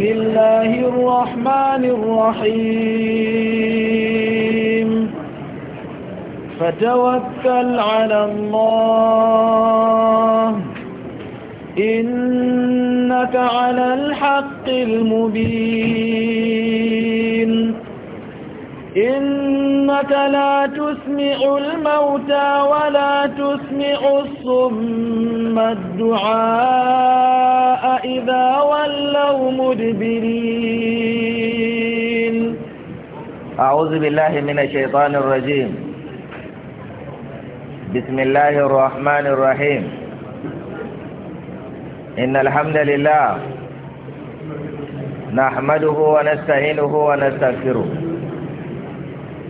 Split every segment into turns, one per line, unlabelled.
بسم الله الرحمن الرحيم فتوكل على الله إنك على الحق المبين إنك لا تسمع الموتى ولا تسمع الصم الدعاء إذا ولوا مدبرين
أعوذ بالله من الشيطان الرجيم بسم الله الرحمن الرحيم إن الحمد لله نحمده ونستعينه ونستغفره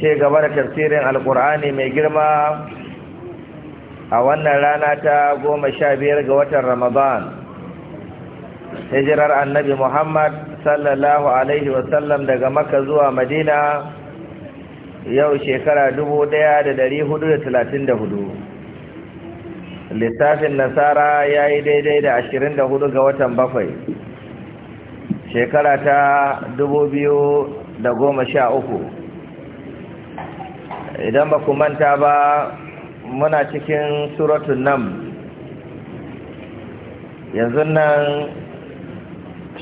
ce gaba da tafsirin alkur'ani mai girma a wannan rana ta goma sha biyar ga watan ramadan hijirar annabi muhammad sallallahu alaihi wasallam daga maka zuwa madina yau shekara dubu ɗaya da dari hudu da talatin da hudu lissafin nasara ya yi daidai da ashirin da hudu ga watan bakwai shekara ta dubu biyu da goma sha uku idan ba ku manta ba muna cikin suratun nan yanzu nan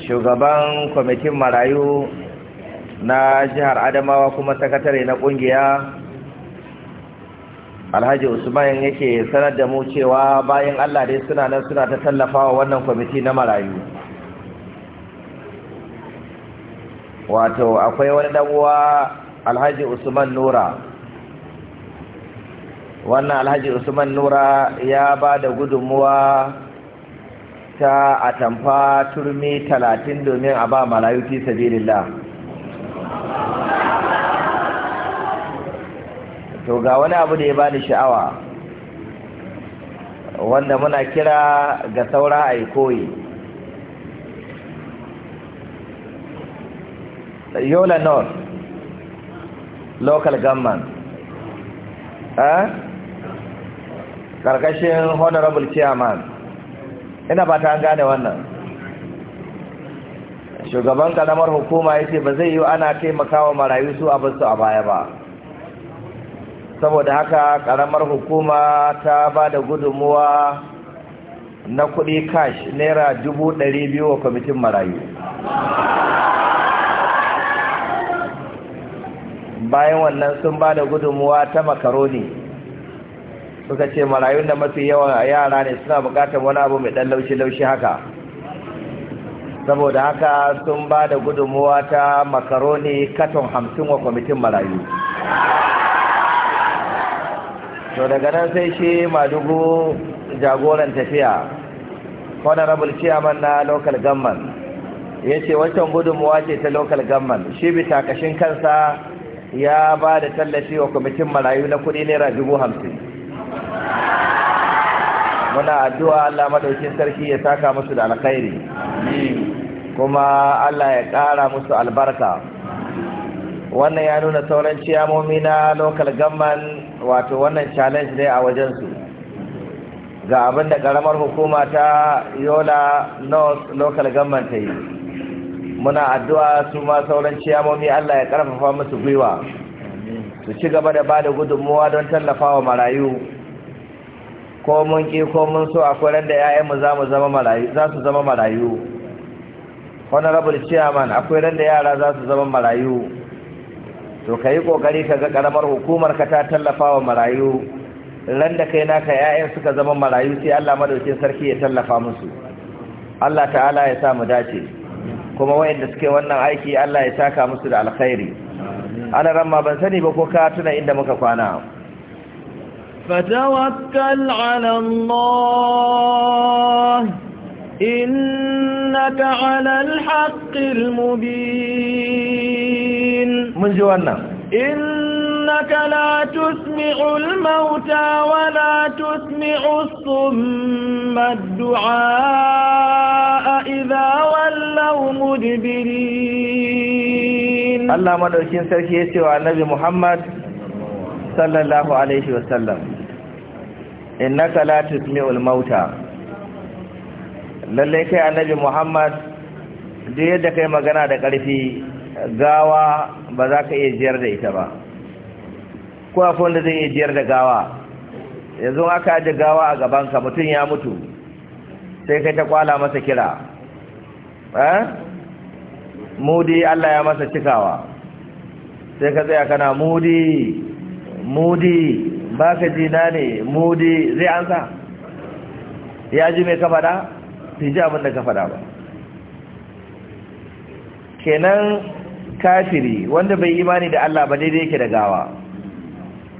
shugaban kwamitin marayu na jihar adamawa kuma sakatare na kungiya alhaji usman yake sanar da mu cewa bayan allah dai suna nan suna ta tallafawa wannan kwamiti na marayu wato akwai wani ɗan'uwa alhaji usman nura wannan alhaji usman nura ya ba da gudunmuwa ta atamfa turmi talatin domin a ba malayu fi sabilillah to ga wani abu da ya bani sha'awa wanda muna kira ga saura a koyi yola north local government eh? ƙarƙashin honorable chairman ina ba ta gane wannan shugaban kalamar hukuma ya ce ba zai yi ana taimakawa marayu su a basu a baya ba saboda haka karamar hukuma ta ba da gudunmuwa na kuɗi cash naira dubu ɗari biyu wa kwamitin marayu bayan wannan sun ba da gudunmuwa ta makaroni suka ce marayun da mafi yawan yara ne suna bukatar wani abu mai dan laushi-laushi haka saboda haka sun ba da gudunmuwa ta makaroni katon hamsin wa kwamitin marayu to daga nan sai shi madugu jagoran tafiya honorable chairman na local government ya ce wancan gudunmuwa ce ta local government shi bita kashin kansa ya ba da tallafi wa kwamitin marayu na kudi naira dubu hamsin muna addu'a Allah madaukin sarki ya saka musu da alkhairi kuma Allah ya ƙara musu albarka wannan ya nuna sauran ciyamomi na local government wato wannan challenge ne a wajensu ga abin da ƙaramar hukuma ta yola north local government ta yi muna addu'a su ma sauran ciyamomi Allah ya ƙarfafa musu gwiwa su ci gaba da ba da gudunmuwa don tallafa wa marayu ko mun ki ko mun so akwai ran da ƴaƴanmu za mu zama marayu za su zama marayu honorable chairman akwai ran da yara za su zama marayu to kai kokari ka ga karamar hukumar ka ta tallafa wa marayu ran da kai naka ƴaƴan suka zama marayu sai Allah madaukin sarki ya tallafa musu Allah ta'ala ya sa mu dace kuma wayanda suke wannan aiki Allah ya saka musu da alkhairi ana ramma ban sani ba ko ka tuna inda muka kwana
فتوكل على الله إنك على الحق المبين من جوانا إنك لا تسمع الموتى ولا تسمع الصم الدعاء إذا ولوا مدبرين الله
مدعوكين سركي يسوى النبي محمد صلى الله عليه وسلم Inna salatu tusmi'ul mauta lalle kai annabi Muhammad da yadda kai magana da ƙarfi gawa ba za ka iya jiyar da ita ba ko da zai iya jiyar da gawa yanzu aka aje gawa a gabanka mutum ya mutu sai kai ta kwala masa kira eh mudi Allah ya masa cikawa sai ka tsaya kana mudi mudi ba ka ji na ne mudi zai an sa ya ji mai ka fada fi ji abinda ka fada ba kenan kafiri wanda bai imani da Allah ba daidai yake da gawa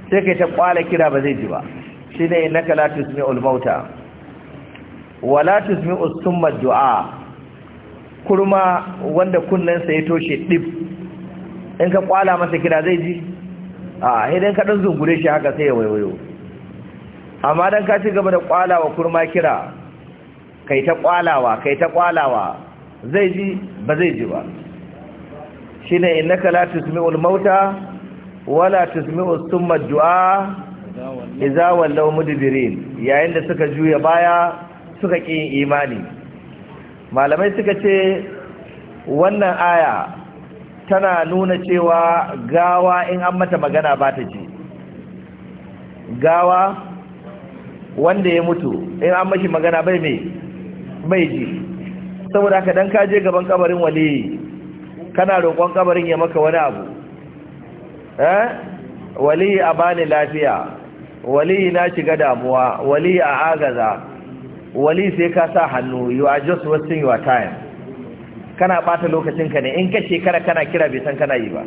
sai kai ta kwala kira ba zai ji ba shi ne ka latus tusmi'ul ulmauta wa latus tusmi'us summa du'a kurma wanda kunnensa ya toshe dib in ka kwala masa kira zai ji a idan ka zungure shi haka sai ya waiwayo amma dan ka ci gaba da kwalawa kurma kira kai ta kwalawa kai ta kwalawa zai ji ba zai ji ba shine innaka la tusmi'ul mauta wala tusmi'us summa du'a idza wallaw mudbirin yayin da suka juya baya suka ƙi imani malamai suka ce wannan aya tana nuna cewa gawa in an mata magana ba ta ce gawa wanda ya mutu in an mashi magana bai mai bai ji saboda haka dan kaje gaban kabarin wali kana roƙon kabarin ya maka wani abu eh wali a bani lafiya wali na shiga damuwa wali a agaza wali sai ka sa hannu you are just wasting your time kana bata lokacinka ne in ka shekara kana kira bai san kana yi ba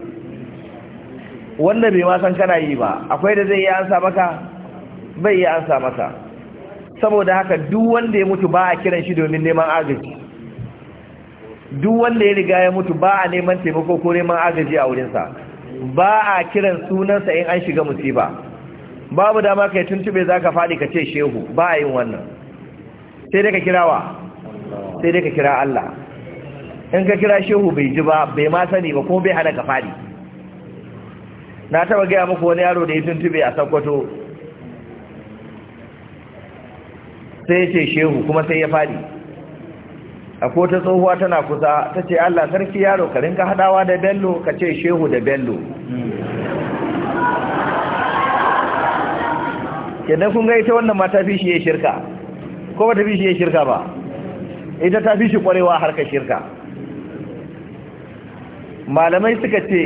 wanda bai ma san kana yi ba akwai da zai yi ansa maka bai yi ansa maka saboda haka duk wanda ya mutu ba a kiran shi domin neman agaji duk wanda ya riga ya mutu ba a neman taimako ko neman agaji a wurinsa ba a kiran sunansa in an shiga musiba babu dama kai tuntube za ka faɗi ka ce shehu ba a yin wannan sai dai ka kirawa sai dai ka kira Allah in ka kira shehu bai ji ba bai ma sani ba kuma bai hana ka fadi na taba gaya muku wani yaro da ya tuntube a sakwato sai ya ce shehu kuma sai ya fadi a ta tsohuwa tana kusa ta ce allah sarki yaro ka rinka hadawa da bello ka ce shehu da bello yadda kun ga ita wannan mata fi shi ya shirka ko ba ta fi shi ya shirka ba ita ta fi shi kwarewa harkar shirka malamai suka ce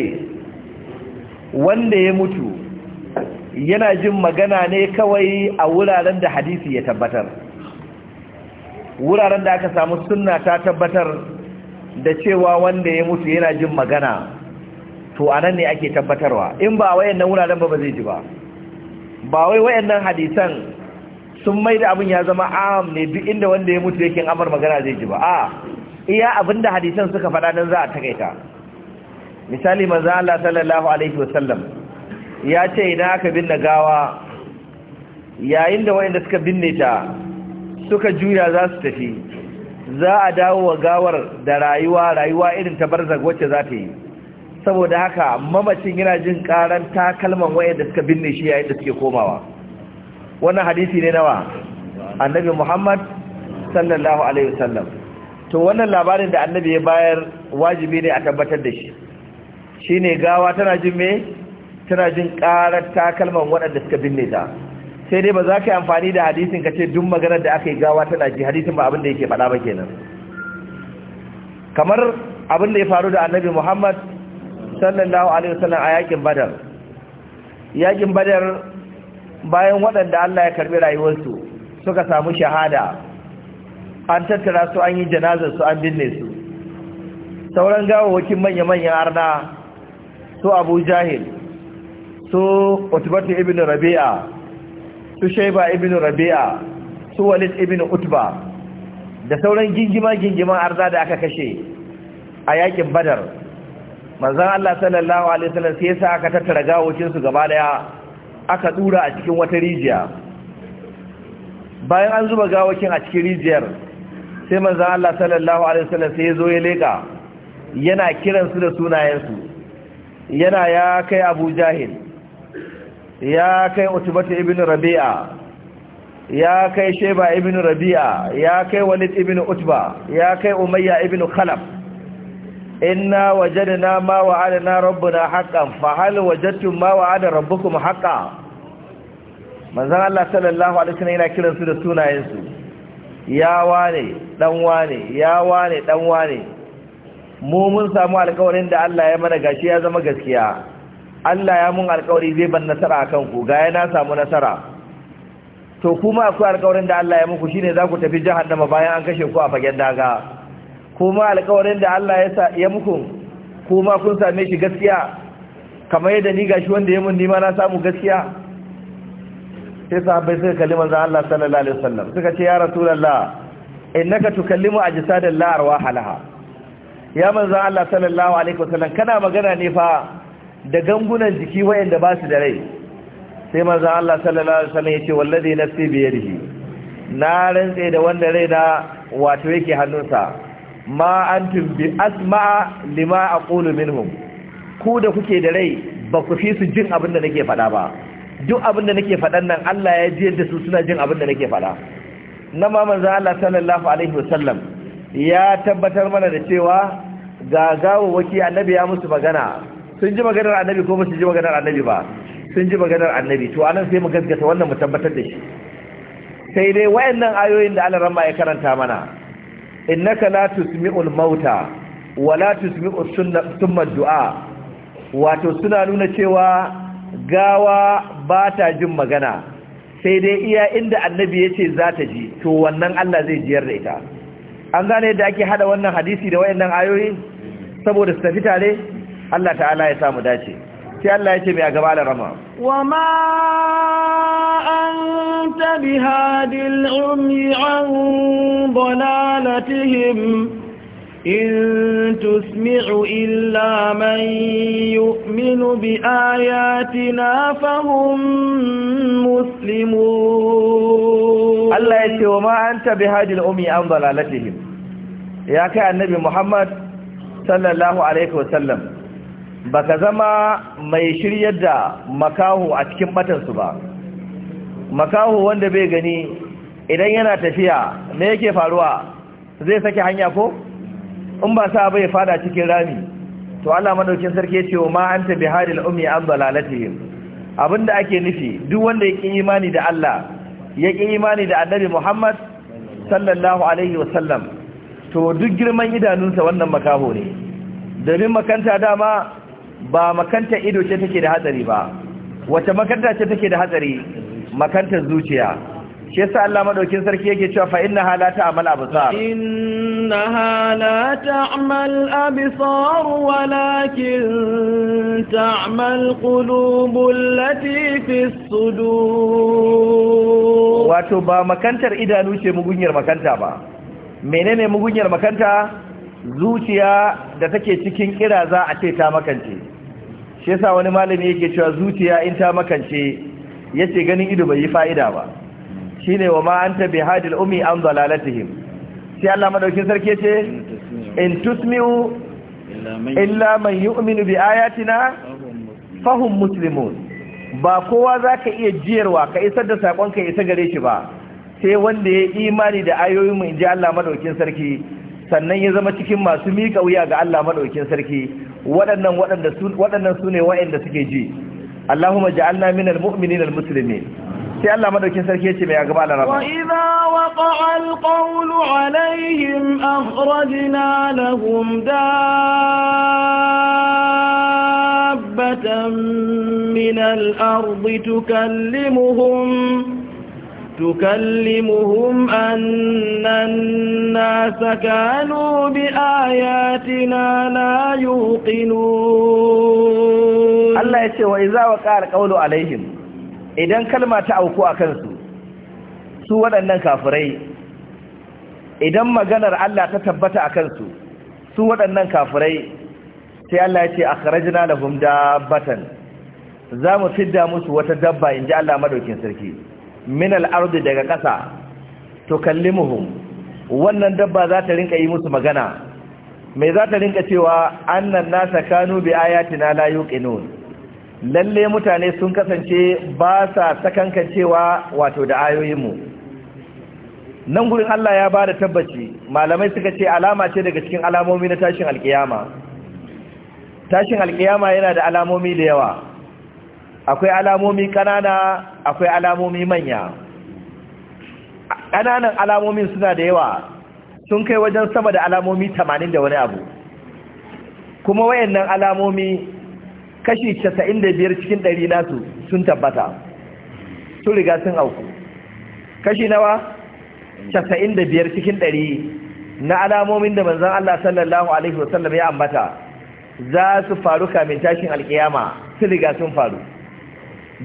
wanda ya mutu yana jin magana ne kawai a wuraren da hadisi ya tabbatar wuraren da aka samu sunna ta tabbatar da cewa wanda ya mutu yana jin magana to nan ne ake tabbatarwa in ba yannan wuraren ba ba zai ji ba ba wai wayannan hadisan sun mai da abin ya zama am ne duk inda wanda ya mutu yake amar magana zai ji ba a iya abinda hadisan suka faɗa nan za a takaita misali manzo Allah sallallahu alaihi wasallam ya ce idan aka binne gawa yayin da wayanda suka binne ta suka juya za su tafi za a dawo wa gawar da rayuwa rayuwa irin ta barza wacce za ta yi saboda haka mamacin yana jin karan takalman wayanda suka binne shi yayin da suke komawa wannan hadisi ne nawa annabi Muhammad sallallahu alaihi wasallam to wannan labarin da annabi ya bayar wajibi ne a tabbatar da shi Shi ne gawa tana jin me tana jin karar takalman waɗanda suka binne ta sai dai ba za ka yi amfani da hadisin ka ce duk maganar da aka yi gawa tana ji hadisin ba abin da yake faɗa ba kenan kamar abin da ya faru da annabi muhammad sallallahu alaihi wasallam a yakin badar yakin badar bayan waɗanda allah ya karɓi rayuwarsu suka samu shahada an tattara su an yi janazar su an binne su sauran gawawakin manya-manyan arna su abu jahil su Otubatu ibn rabi'a su shaiba ibn rabi'a su walid ibn utba da sauran gingima gingiman arza da aka kashe a yakin badar manzan Allah sallallahu alaihi wasallam sai yasa aka tattara gawocinsu gaba daya aka ɗura a cikin wata rijiya bayan an zuba gawakin a cikin rijiyar sai manzan Allah sallallahu alaihi wasallam sai ya zo ya leka yana kiransu da sunayensu yana ya kai abu jahil ya kai Utubatu ibn rabi'a ya kai sheba ibn rabi'a ya kai walid ibn utba ya kai umayya ibn khalaf inna wajadna ma wa'adana rabbuna haqqan fa hal wajadtum ma wa'ada rabbukum haqqan manzon Allah sallallahu alaihi wasallam yana kiransu da sunayensu ya wane dan wane ya wane dan wane mu mun samu alƙawarin da Allah ya mana gashi ya zama gaskiya Allah ya mun alƙawari zai ban nasara akan ku ga na samu nasara to kuma akwai alƙawarin da Allah ya muku shine za ku tafi jahannama bayan an kashe ku a fagen daga kuma alƙawarin da Allah ya ya muku kuma kun same shi gaskiya kamar yadda ni gashi wanda ya mun nima na samu gaskiya sai sahabbai suka kalli manzon Allah sallallahu alaihi wasallam suka ce ya rasulullah innaka tukallimu ajsadallahi arwahalaha ya manzan Allah sallallahu alaihi wasallam kana magana ne fa da gangunan jiki wayanda ba su da rai sai manzan Allah sallallahu alaihi wasallam yace wallazi nafsi bi yadihi na rantsa da wanda rai da wato yake hannunsa ma antum bi asma lima aqulu minhum ku da kuke da rai ba ku fi su jin abin da nake faɗa ba duk abin da nake faɗan nan Allah ya ji yadda su suna jin abin da nake faɗa na ma manzan Allah sallallahu alaihi wasallam ya tabbatar mana da cewa ga waki annabi ya musu magana sun ji maganar annabi ko ba su ji maganar annabi ba sun ji maganar annabi to anan sai mu gaskata wannan mu tabbatar da shi sai dai wayannan ayoyin da Allah ramma ya karanta mana innaka la tusmi'ul mauta wa la tusmi'us thumma du'a wato suna nuna cewa gawa ba ta jin magana sai dai iya inda annabi ya ce za ta ji to wannan Allah zai jiyar da ita an gane yadda ake hada wannan hadisi da wayannan ayoyi saboda su tafi tare Allah ta'ala ya samu dace sai Allah ya ce mai a gaba da rama
wa ma an ta bi hadil umi an bolalatihim in tusmi'u illa man yu'minu bi ayatina fahum muslimun Allah ya ce wa
ma an ta bi hadil an bolalatihim ya kai annabi muhammad sallallahu alaihi wasallam baka zama mai shiryar da makaho a cikin matansu ba makaho wanda bai gani idan yana tafiya me yake faruwa zai sake hanya ko in ba sa bai fada cikin rami to Allah madaukin sarki yace wa ma anta bihadil ummi an dalalatihim abinda ake nufi duk wanda yake imani da Allah yake imani da Annabi Muhammad sallallahu alaihi wasallam to duk girman idanunsa wannan makaho ne domin makanta dama ba makanta ido ce take da hatsari ba wace makanta ce take da hatsari makantar zuciya shi yasa Allah madaukin sarki yake cewa fa inna la ta'mal absar
inna la ta'mal absar walakin ta'mal qulubul lati fis sudur
wato ba makantar idanu ce mugunyar makanta ba menene mugunyar makanta zuciya da take cikin za a ce ta makance shi yasa wani malami yake cewa zuciya in ta makance yace ganin ido bai yi fa'ida ba shine wa ma anta hadil ummi an dalalatihim sai Allah madaukin sarki yace in tusmi'u illa man yu'minu bi ayatina fahum muslimun ba kowa zaka iya jiyarwa ka isar da sakon ka isa gare shi ba sai wanda ya imani da ayoyin mu ji Allah madaukin sarki sannan ya zama cikin masu miƙa wuya ga Allah madaukin sarki waɗannan waɗanda su waɗannan sune waɗanda suke ji Allahumma ja'alna minal mu'minina al-muslimin sai Allah madaukin sarki
yace mai gaba Allah rabba wa idha waqa'a al-qawl alaihim akhrajna lahum dabbatan min al-ardi tukallimuhum Tuƙalli muhumman nan na tsakanin biya ya tuna na yin ƙinu.
Allah ya ce wa izawa ƙarar ƙaulu alaihim idan auku a idan maganar Allah ta tabbata a kansu su wadannan kafurai, sai Allah ya ce akara juna da humda zamu fidda musu wata dabba in Allah madaukin sarki. min al-ardi daga ƙasa muhu, wannan dabba za ta rinka yi musu magana mai za ta rinka cewa annan nasa kanu bi ayatina la yuqinun lalle mutane sun kasance ba sa sakankancewa wato da ayoyinmu nan gurin Allah ya bada tabbaci malamai suka ce alama ce daga cikin alamomi na tashin alkiyama tashin alkiyama yana da alamomi da yawa akwai alamomi kanana akwai alamomi manya kananan alamomin suna da yawa sun kai wajen sama da alamomi tamanin da wani abu kuma wayannan alamomi kashi casa'in da biyar cikin ɗari nasu sun tabbata sun riga sun auku kashi nawa casa'in da biyar cikin ɗari na alamomin da manzan Allah sallallahu Alaihi wasallam ya ambata za su faru kamin tashin alkiyama sun riga sun faru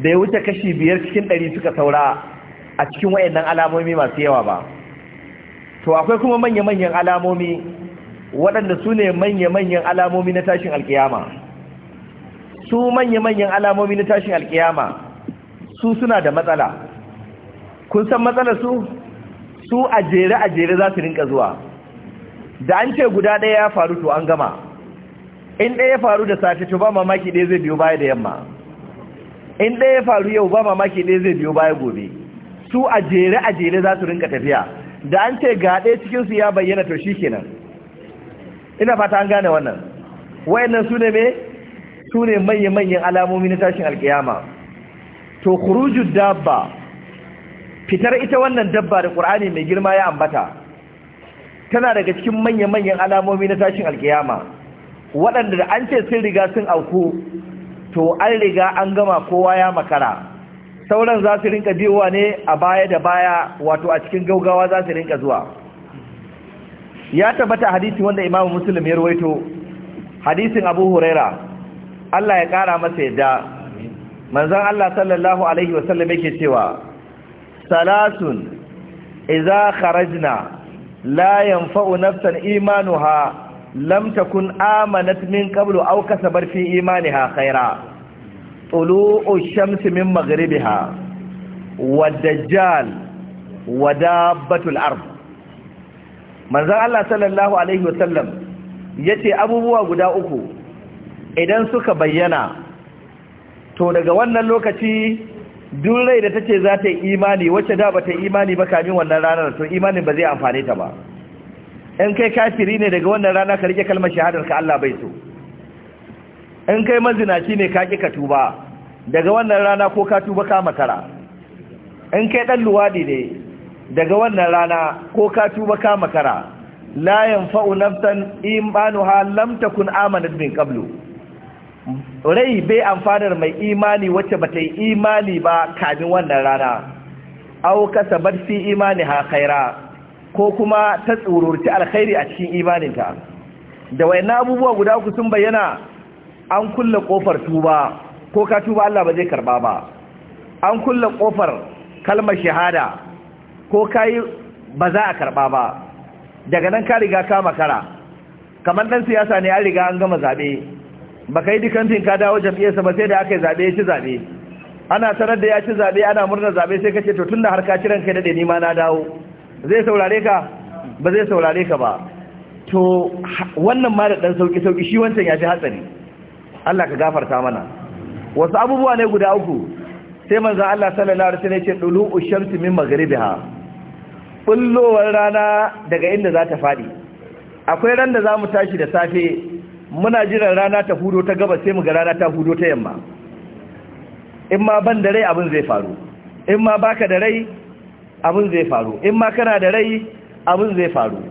da wuce kashi biyar cikin ɗari suka saura a cikin wayannan alamomi masu yawa ba to akwai kuma manya-manyan alamomi waɗanda su ne manya-manyan alamomi na tashin alkiyama su manya-manyan alamomi na tashin alkiyama su suna da matsala kun san matsalar su su a jere za su rinka zuwa da an ce guda ɗaya ya faru to an gama in ɗaya ya faru da safe to ba mamaki ɗaya zai biyo baya da yamma in ɗaya ya faru yau ba mamaki ɗaya zai biyo baya gobe su a jere a jere za su rinka tafiya da an ce ga ɗaya cikin su ya bayyana to shi kenan ina fata an gane wannan wayannan su ne me su ne manya-manyan alamomi na tashin alkiyama to khuruju dabba fitar ita wannan dabba da qur'ani mai girma ya ambata tana daga cikin manya-manyan alamomi na tashin alkiyama waɗanda da an ce sun riga sun auku to an riga an gama kowa ya makara sauran za su rinka biyowa ne a baya da baya wato a cikin gaugawa za su rinka zuwa ya tabbata hadisi wanda Imam muslim ya ruwaito hadisin abu huraira Allah ya kara masa yadda manzan Allah sallallahu alaihi wasallam yake cewa salasun iza kharajna la yanfa'u nafsan imanuha lam takun amanat min qablu aw kasabar fi imaniha khaira tulu'u shamsi min maghribiha wadajjal wadabatul ard manzon Allah sallallahu alaihi sallam yace abubuwa guda uku idan suka bayyana to daga wannan lokaci duk rai da tace za ta yi imani wacce da ba ta imani ba kamin wannan ranar to imanin ba zai amfane ta ba in kai kafiri ne daga wannan rana ka rike kalmar shahadar ka Allah bai so in kai mazinaci ne ka ki ka tuba daga wannan rana ko ka tuba ka makara in kai dan luwadi ne daga wannan rana ko ka tuba ka makara la yanfa'u nafsan imanuha lam takun amanat min qablu rai bai amfanar mai imani wacce bata yi imani ba kafin wannan rana aw kasabat fi imaniha khaira ko kuma ta tsururci alkhairi a cikin imaninta da wayannan abubuwa guda uku sun bayyana an kulle kofar tuba ko ka tuba Allah ba zai karba ba an kulle kofar kalmar shahada ko kai ba za a karba ba daga nan ka riga ka makara kamar dan siyasa ne an riga an gama zabe baka yi dukantin ka dawo sa ba sai da aka yi zabe ya zabe ana sanar da ya ci zabe ana murna zabe sai kace to tunda har ka kiran kai dade ni ma na dawo zai saurare ka ba zai saurare ka ba to wannan ma da dan sauki sauki shi wancan ya fi hatsari Allah ka gafarta mana wasu abubuwa ne guda uku sai manzo Allah sallallahu alaihi wasallam ya ce dulu ushamti min maghribiha kullowar rana daga inda za ta fadi akwai ran da za mu tashi da safe muna jiran rana ta hudo ta gabas sai mu ga rana ta hudo ta yamma in ma ban da rai abin zai faru in ma baka da rai abin zai faru in ma kana da rai abin zai faru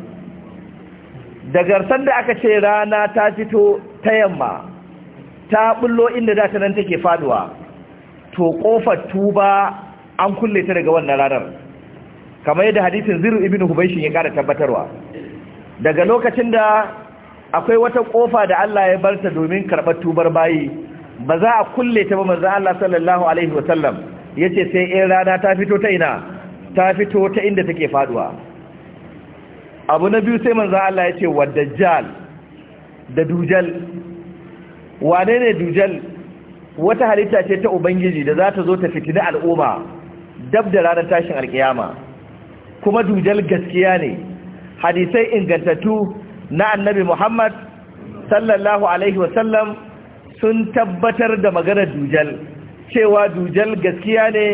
daga sanda aka ce rana ta fito ta yamma ta bullo inda da ta nan take faduwa to kofar tuba an kulle ta daga wannan ranar kamar yadda hadisin ziru ibn hubaishin ya kara tabbatarwa daga lokacin da akwai wata kofa da Allah ya barta domin karɓar tubar bayi ba za a kulle ta ba manzo Allah sallallahu alaihi wasallam yace sai in rana ta fito ta ina ta fito ta inda take faduwa abu na biyu sai manzo Allah ya ce wa dajjal da dujal wane ne dujal wata halitta ce ta ubangiji da za ta zo ta fitina al'umma dab da ranar tashin alkiyama kuma dujal gaskiya ne hadisai ingantattu na annabi muhammad sallallahu alaihi wasallam sun tabbatar da maganar dujal cewa dujal gaskiya ne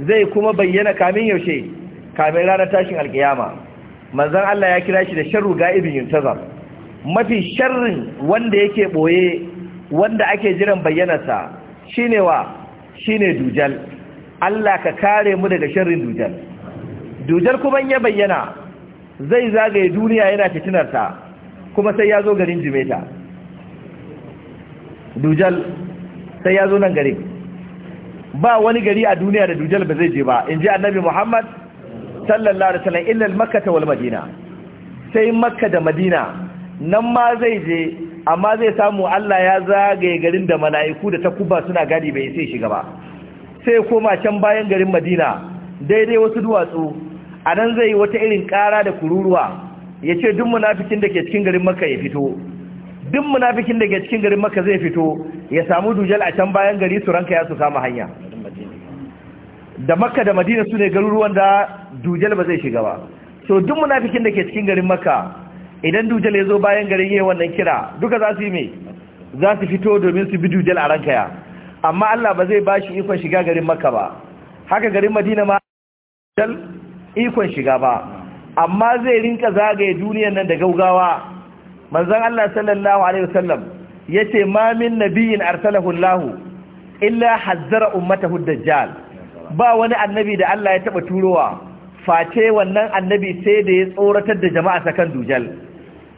zai kuma bayyana kamin yaushe kamin ranar tashin alkiyama manzon Allah ya kira shi da sharru ga'ibin yuntazar mafi sharrin wanda yake boye wanda ake jiran bayyanarsa shine wa shine dujal Allah ka kare mu daga sharrin dujal dujal kuma ya bayyana zai zagaye duniya yana fitinarta kuma sai ya zo garin jimeta dujal sai ya zo nan garin ba wani gari a duniya da dujal ba zai je ba in ji annabi muhammad sallallahu alaihi wasallam illa makkata wal madina sai makka da madina nan ma zai je amma zai samu Allah ya zagaye garin da mala'iku da takuba suna gadi bai sai shiga ba sai koma can bayan garin madina daidai wasu duwatsu a nan zai yi wata irin kara da kururuwa ya ce duk munafikin da ke cikin garin makka ya fito duk munafikin da ke cikin garin makka zai fito ya samu dujal a can bayan gari su ranka ya su kama hanya da makka da madina su ne garuruwan da dujal ba zai shiga ba so duk munafikin da ke cikin garin makka idan dujal ya zo bayan garin yi wannan kira duka za su yi mai za su fito domin su bi dujal a ranka ya amma Allah ba zai ba shi ikon shiga garin makka ba haka garin madina ma dujal ikon shiga ba amma zai rinka zagaye duniyar nan da gaugawa manzon Allah sallallahu alaihi wasallam yace ma min nabiyin arsalahu Allah illa hazzara ummatahu dajjal ba wani annabi da Allah ya taba turowa face wannan annabi sai da ya tsoratar da jama'a sakan dujal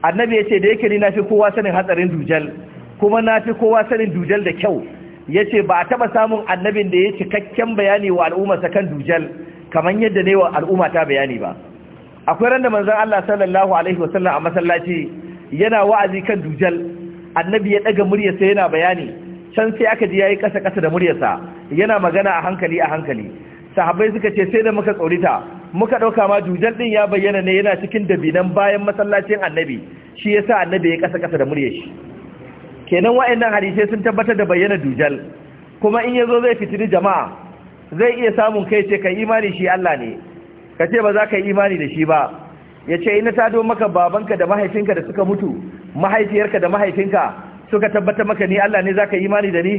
annabi ya ce da yake ni nafi kowa sanin hatsarin dujal kuma nafi kowa sanin dujal da kyau yace ba a taba samun annabin da ya cikakken bayani wa al'umma sakan dujal kamar yadda ne wa al'umma ta bayani ba akwai randa manzon Allah sallallahu alaihi wasallam a masallaci yana wa'azi kan dujal annabi ya ɗaga muryarsa yana bayani can sai aka ji yayi kasa kasa da muryarsa yana magana a hankali a hankali Sahabai suka ce sai da muka tsorita muka ɗauka ma jujal ɗin ya bayyana ne yana cikin dabinan bayan masallacin annabi shi yasa annabi ya kasa kasa da muryar shi kenan wa'annan hadisai sun tabbatar da bayyana dujal kuma in yazo zai fitini jama'a zai iya samun kai ce kai imani shi Allah ne ka ce ba za ka yi imani da shi ba ya ce ina tado maka babanka da mahaifinka da suka mutu mahaifiyarka da mahaifinka suka tabbata maka ni Allah ne zaka imani da ni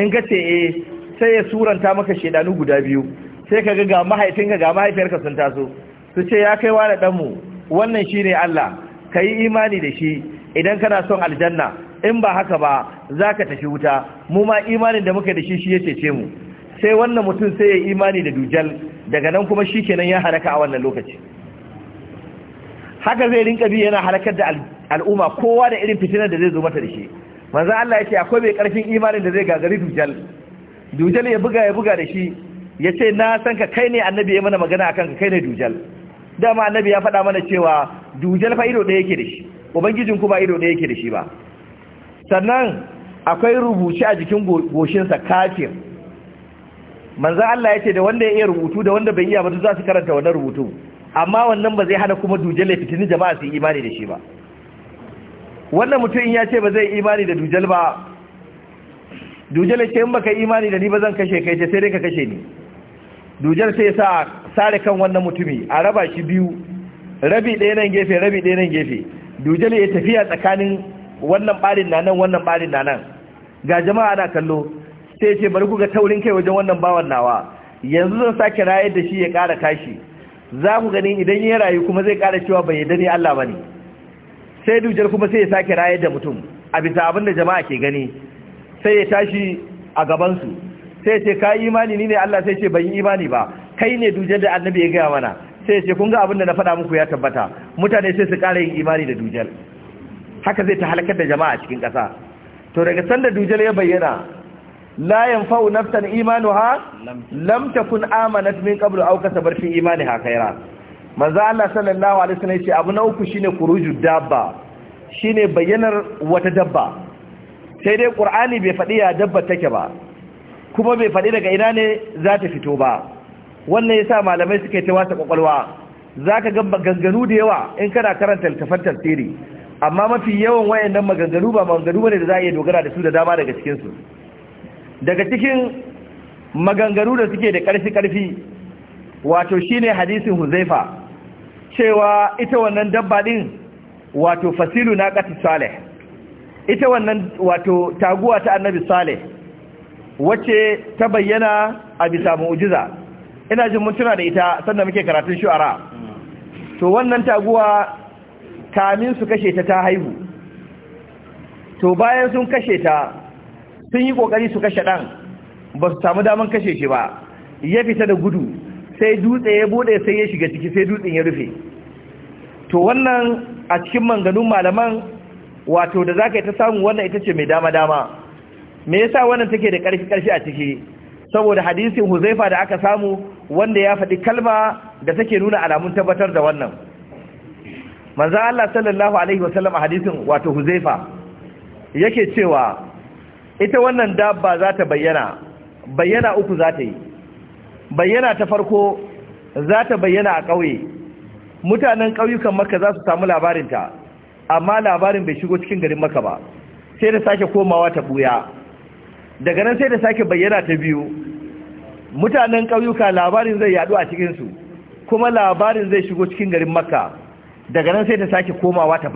in ka ce eh sai ya suranta maka shedanu guda biyu sai ka ga mahaifinka ga mahaifiyarka sun taso su ce ya kai wani mu wannan shine Allah ka yi imani da shi idan kana son aljanna in ba haka ba za ka tafi wuta mu ma imanin da muka da shi shi ya cece mu sai wannan mutum sai ya imani da dujal daga nan kuma shi kenan ya haraka a wannan lokaci haka zai rinka bi yana halakar da al'umma kowa da irin fitinar da zai zo mata da shi manzo Allah ya ce akwai mai karfin imanin da zai gagari dujal dujal ya buga ya buga da shi yace ce na san ka kai ne annabi ya mana magana akan ka kai ne dujal dama annabi ya faɗa mana cewa dujal fa ido ɗaya yake da shi ubangijin kuma ido ɗaya yake da shi ba sannan akwai rubuci a jikin goshinsa kafir manzo Allah ya ce da wanda ya iya rubutu da wanda bai iya ba za su karanta wannan rubutu amma wannan ba zai hana kuma dujal ya fitini jama'a su yi imani da shi ba wannan mutum ya ce ba zai imani da dujjal ba dujal ya ce in baka imani da ni ba zan kashe kai ce sai dai ka kashe ni dujjal sai sa sare kan wannan mutumi a raba shi biyu rabi ɗaya nan gefe rabi ɗaya nan gefe dujal ya tafiya tsakanin wannan ɓarin na nan wannan ɓarin na nan ga jama'a ana kallo sai ce bari ku ga taurin kai wajen wannan bawan nawa yanzu zan sake rayar da shi ya ƙara kashi za ku gani idan ya rayu kuma zai ƙara cewa bai yadda ne Allah ba ne. sai dujar kuma sai ya sake rayar da mutum a bisa abin da jama'a ke gani sai ya tashi a gabansu. sai ce ka imani ni ne Allah sai ce ban imani ba kai ne dujar da annabi ya gaya mana sai ce kun ga abin da na faɗa muku ya tabbata mutane sai su ƙara yin imani da dujar haka zai ta halakar da jama'a cikin ƙasa to daga sanda dujar ya bayyana la yanfa'u nafsan imanuha lam takun amanat min qablu aw kasabat fi imaniha khaira manzo Allah sallallahu alaihi wasallam yace abu na uku shine kuruju dabba shine bayyanar wata dabba sai dai qur'ani bai faɗi ya dabba take ba kuma bai faɗi daga ina ne za ta fito ba wannan yasa malamai suke ta wasa kwakwalwa zaka ga ganganu da yawa in kana karanta littafin tafsiri amma mafi yawan wayannan maganganu ba maganganu ne da za a iya dogara da su da dama daga cikin su daga cikin maganganu da suke da ƙarfi-ƙarfi wato shine hadisin huzaifa cewa ita wannan dabba ɗin wato fasilu na ƙasa saleh ita wannan wato taguwa ta annabi saleh wacce ta bayyana a bisa mu'ujiza ina jin mun da ita sanda muke karatun shu'ara to wannan taguwa kamin su kashe ta ta haihu to bayan sun kashe ta sun yi kokari su kashe ɗan, ba su samu daman kashe shi ba ya fita da gudu sai dutse ya bude sai ya shiga ciki sai dutsen ya rufe to wannan a cikin manganun malaman wato da zaka ta samu wannan ita ce mai dama dama me yasa wannan take da karfi karfi a ciki saboda hadisin Huzaifa da aka samu wanda ya faɗi kalma da take nuna alamun tabbatar da wannan manzo Allah sallallahu alaihi wasallam a hadisin wato Huzaifa yake cewa ita wannan dabba za ta bayyana bayyana uku za ta yi bayyana ta farko za ta bayyana a ƙauye mutanen ƙauyukan maka za su samu labarinta amma labarin bai shigo cikin garin maka ba sai da sake komawa ta buya daga nan sai da sake bayyana ta biyu mutanen ƙauyuka labarin zai yadu a cikinsu kuma labarin zai shigo cikin garin makka daga nan sai da sake komawa ta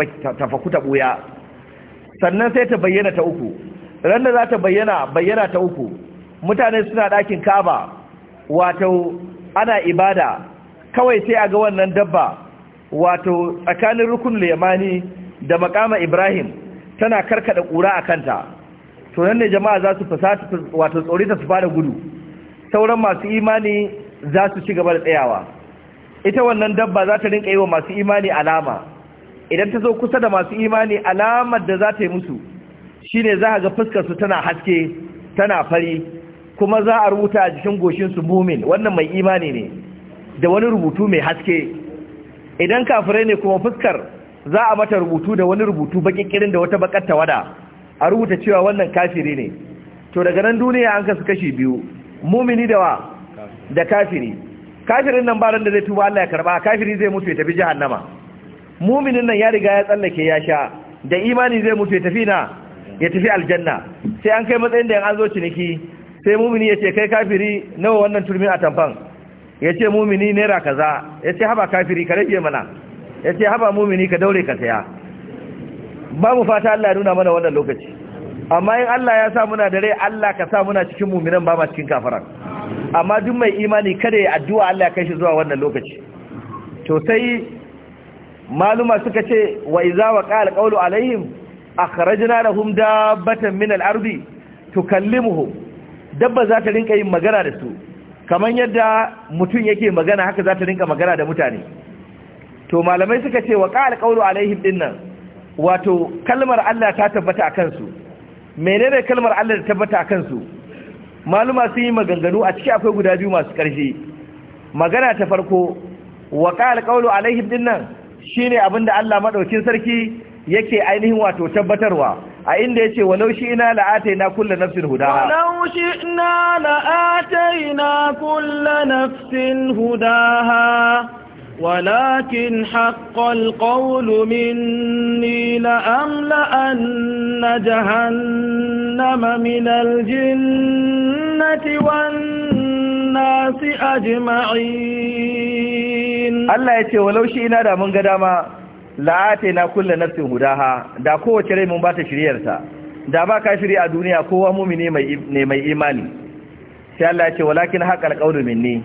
fakuta ta buya sannan sai ta bayyana ta uku Randa za ta bayyana bayyana ta uku mutane suna ɗakin kaba wato ana ibada kawai sai a ga wannan dabba wato tsakanin rukun lemani da makama ibrahim tana karkada ƙura a kanta to nan ne jama'a za su fasata wato tsorita su fara gudu sauran masu imani za su ci gaba da tsayawa ita wannan dabba za ta rinka yi wa masu imani alama idan ta zo kusa da masu imani alamar da za ta yi musu Shi ne za a ga fuskarsu tana haske tana fari kuma za a rubuta a jikin goshinsu mumin wannan mai imani ne da wani rubutu mai haske idan kafirai ne kuma fuskar za a mata rubutu da wani rubutu bakikirin da wata bakatta wada a rubuta cewa wannan kafiri ne to daga nan duniya an kasu kashi biyu mumini da wa da kafiri kafirin nan baran da zai tuba Allah ya karba kafiri zai mutu ya tafi jahannama muminin nan ya riga ya tsallake ya sha da imani zai mutu ya tafi na ya tafi aljanna sai an kai matsayin da yan an zo ciniki sai mumini ya ce kai kafiri nawa wannan turmin a tamfan ya ce mumini naira kaza ya ce haba kafiri ka rage mana ya ce haba mumini ka daure ka saya ba mu fata Allah ya nuna mana wannan lokaci amma in Allah ya sa muna da rai Allah ka sa muna cikin muminan ba ma cikin kafaran amma duk mai imani kada ya addu'a Allah ya kai shi zuwa wannan lokaci to sai maluma suka ce wa iza wa qala qawlu alaihim akhrajna lahum dabbatan min al-ardi tukallimuhum dabba za ta rinka yin magana da su kamar yadda mutum yake magana haka za ta rinka magana da mutane to malamai suka ce wa qala qawlu alaihim dinnan wato kalmar Allah ta tabbata a kansu menene kalmar Allah ta tabbata a kansu maluma sun yi maganganu a ciki akwai guda biyu masu ƙarfi magana ta farko wa qala qawlu alaihim dinnan shine abinda Allah madaukin sarki yake ainihin wato tabbatarwa a inda ya ce, shi ina la'ata ina kullu nafsin hudaha walau
ina la'ata ina kullu nafsin hudaha walakin haqqal qawlu minni la'amla an jahannama min aljinnati wan nasi ajma'in
Allah yace walau shi ina da mun ga dama ta na kulle nafsin hudaha da kowace rai mun ba ta shiryarta da ba ka shirya a duniya kowa mumini ne mai imani sai Allah ya ce walakin haƙar qawlu minni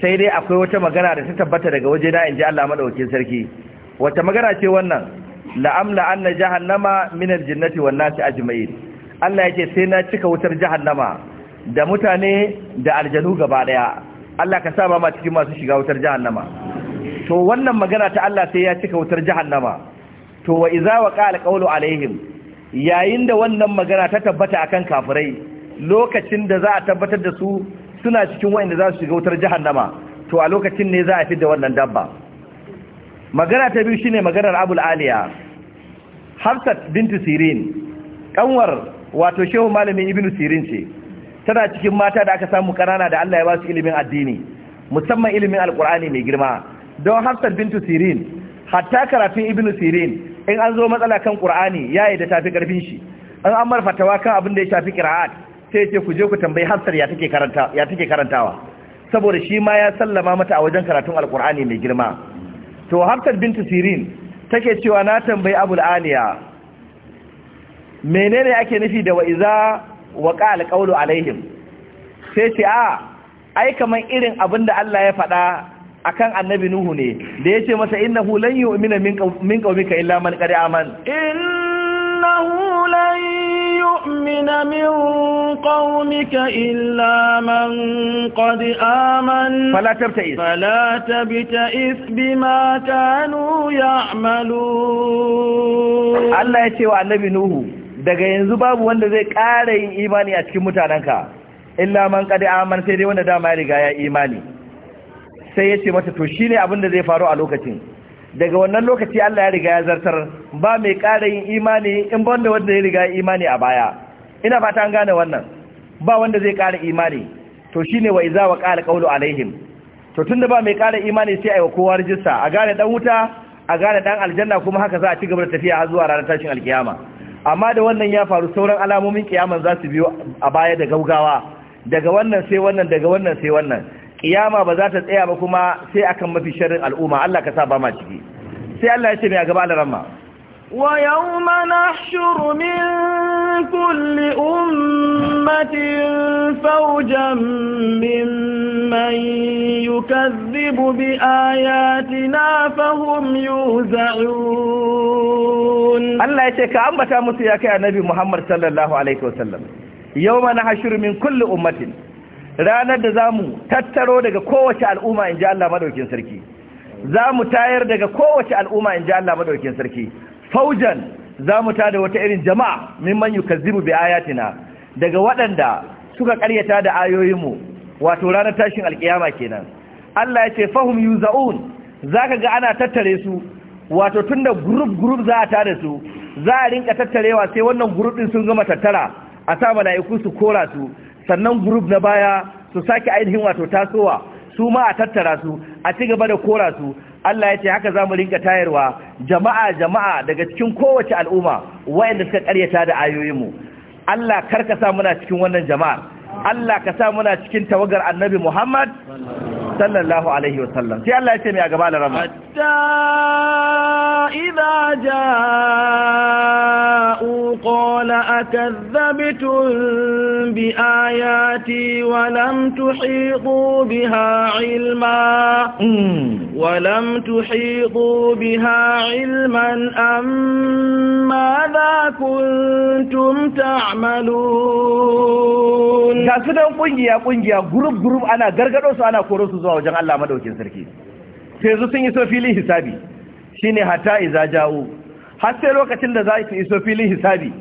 sai dai akwai wata magana da ta tabbata daga waje na inji Allah madaukakin sarki wata magana ce wannan amla anna jahannama min aljinnati wan nasi ajma'in Allah ce sai na cika wutar jahannama da mutane da aljanu gaba daya Allah ka sa ma cikin masu shiga wutar jahannama to wannan magana ta Allah sai ya cika wutar jahannama to wa iza wa qala qawlu alaihim yayin da wannan magana ta tabbata akan kafirai lokacin da za a tabbatar da su suna cikin wanda za su shiga wutar jahannama to a lokacin ne za a da wannan dabba magana ta biyu shine maganar abul aliya hafsat bintu sirin kanwar wato shehu malamin ibnu sirin ce tana cikin mata da aka samu ƙanana da Allah ya ba su ilimin addini musamman ilimin alkur'ani mai girma don hafsar bintu sirin hatta karatun ibnu sirin in an zo matsala kan qur'ani yayi da tafi karfin shi an amar fatawa kan abin da ya shafi qira'at sai ce ku je ku tambayi hafsar ya take karanta karantawa saboda shi ma ya sallama mata a wajen karatun alqur'ani mai girma to hafsat bintu sirin take cewa na tambayi abul aliya menene ake nufi da wa iza wa qala qawlu alaihim sai ce a ai kaman irin abin da Allah ya faɗa akan annabi nuhu ne da yace masa innahu lan yu'mina min qawmika illa man qad aman
innahu lan yu'mina min qawmika illa man qad aman fala tabta'is fala tabta'is bima kanu ya'malun
Allah yace wa annabi nuhu daga yanzu babu wanda zai kara yin imani a cikin mutanenka illa man qad aman sai dai wanda dama ya riga ya imani sai ya ce mata to shine abin da zai faru a lokacin daga wannan lokaci Allah ya riga ya zartar ba mai ƙara yin imani in banda wanda ya riga imani a baya ina fata an gane wannan ba wanda zai ƙara imani to ne wa iza wa ƙara qawlu alaihim to tunda ba mai ƙara imani sai ai wa kowa rijista a gane dan wuta a gane dan aljanna kuma haka za a ci gaba da tafiya zuwa ranar tashin alkiyama amma da wannan ya faru sauran alamomin kiyaman za su biyo a baya da gaugawa daga wannan sai wannan daga wannan sai wannan kiyama ba za ta tsaya ba kuma sai akan mafi sharin al'umma Allah ka sa ba ma ciki sai Allah ya ce mai a gaba alaramma
wa yau mana shuru min kulli ummatin faujan min man yi kazzibu bi ayati na
Allah ya ce ka ambata musu ya kai a nabi Muhammad sallallahu Alaihi yau mana shuru min kulli ummatin ranar da zamu tattaro daga kowace al'umma in ji Allah madaukin sarki zamu tayar daga kowace al'umma in ji Allah madaukin sarki faujan zamu tada wata irin jama'a mimman yukazzibu bi ayatina daga waɗanda suka ƙaryata da ayoyinmu wato ranar tashin alkiyama kenan Allah ya ce fahum yuzaun zaka ga ana tattare su wato tunda group group za a tada su za a rinka tattarewa sai wannan group din sun gama tattara a sa mala'iku su kora su sannan group na baya su sake ainihin wato tasowa su ma a tattara su a ci gaba da kora su Allah ya ce haka za mu rinka tayarwa jama'a jama'a daga cikin kowace al'umma wayanda suka karyata da ayoyinmu Allah karka sa muna cikin wannan jama'a Allah ka sa muna cikin tawagar annabi Muhammad sallallahu alaihi wasallam sai Allah ya ce mai a gaba da rama
hatta idza ja'u qala akazzabtum bi ayati wa lam tuhiqu biha ilma wa lam tuhiqu biha ilman am madha kuntum ta'malun ga
su dan kungiya kungiya group group ana gargado su ana koro su zuwa wajen Allah madaukin sarki sai su sun iso filin hisabi shine hatta iza ja'u har sai lokacin da za su iso filin hisabi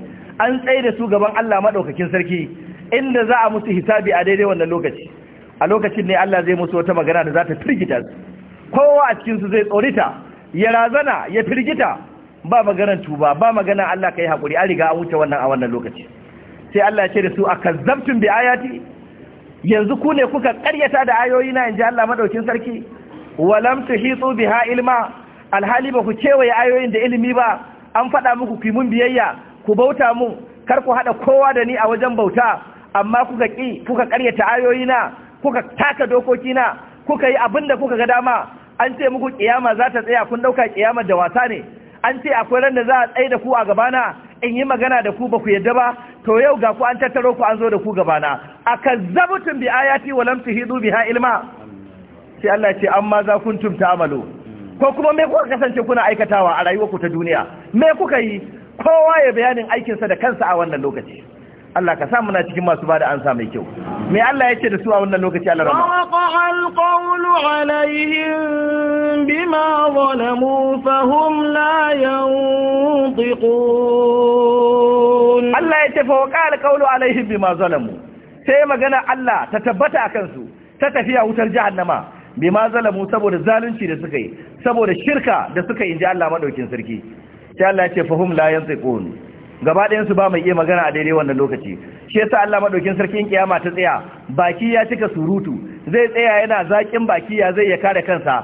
an tsaye da su gaban Allah madaukakin sarki inda za a musu hisabi a daidai wannan lokaci a lokacin ne Allah zai musu wata magana da za ta firgita su kowa a cikin su zai tsorita ya razana ya firgita ba maganar tuba ba maganar Allah kai hakuri an riga a wuce wannan a wannan lokaci sai Allah ya ce da su akazzabtum bi ayati yanzu ku ne kuka karyata da ayoyi na inji Allah madaukin sarki walam tuhitu biha ilma alhali ba ku cewaye ayoyin da ilimi ba an faɗa muku ku mun biyayya ku bauta mu kar ku hada kowa da ni a wajen bauta amma kuka ki kuka karyata ayoyi na kuka taka dokoki na kuka yi abinda kuka ga dama an ce muku kiyama za ta tsaya kun dauka kiyama da wasa ne an ce akwai ran da za a tsaye da ku a gabana in yi magana da ku ba ku yadda ba to yau ga ku an tattaro ku an zo da ku gabana a kazzabtum bi ayati wa lam tuhidu biha ilma sai Allah ce amma za kun tumta Amalu. ko kuma me kuka kasance kuna aikatawa a ku ta duniya me kuka yi kowa ya bayanin aikinsa da kansa a wannan lokaci Allah ka sa muna cikin masu bada ansa mai kyau me Allah ya ce da su a wannan lokaci Allah rama
waqa alqawlu alaihim bima zalamu fahum la yanṭiqun Allah ya ce fa waqa alqawlu
alaihim bima zalamu sai magana Allah ta tabbata akan su ta tafiya wutar jahannama bima zalamu saboda zalunci da suka yi saboda shirka da suka yi inji Allah madaukin sarki sai Allah ya ce fahum la yanṭiqun gaba ɗayan su ba mai iya magana a daidai wannan lokaci shi yasa Allah madaukin sarkin kiyama ta tsaya baki ya cika surutu zai tsaya yana zakin baki ya zai ya kare kansa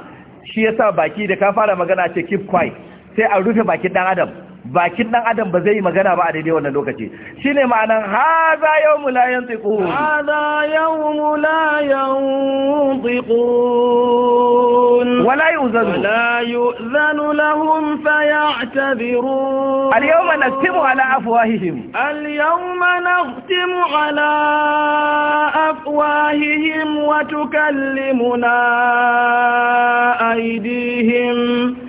shi yasa baki da ka fara magana ce keep quiet sai a rufe bakin dan adam bakin dan adam ba zai yi magana ba a daidai wannan lokaci shine ma'anan hadha yawmu la yantiqun
hadha yawmu la yantiqun wala yu'zanu wala yu'zanu lahum faya'tabirun al-yawma nakhtimu ala afwahihim al-yawma nakhtimu ala afwahihim wa tukallimuna aydihim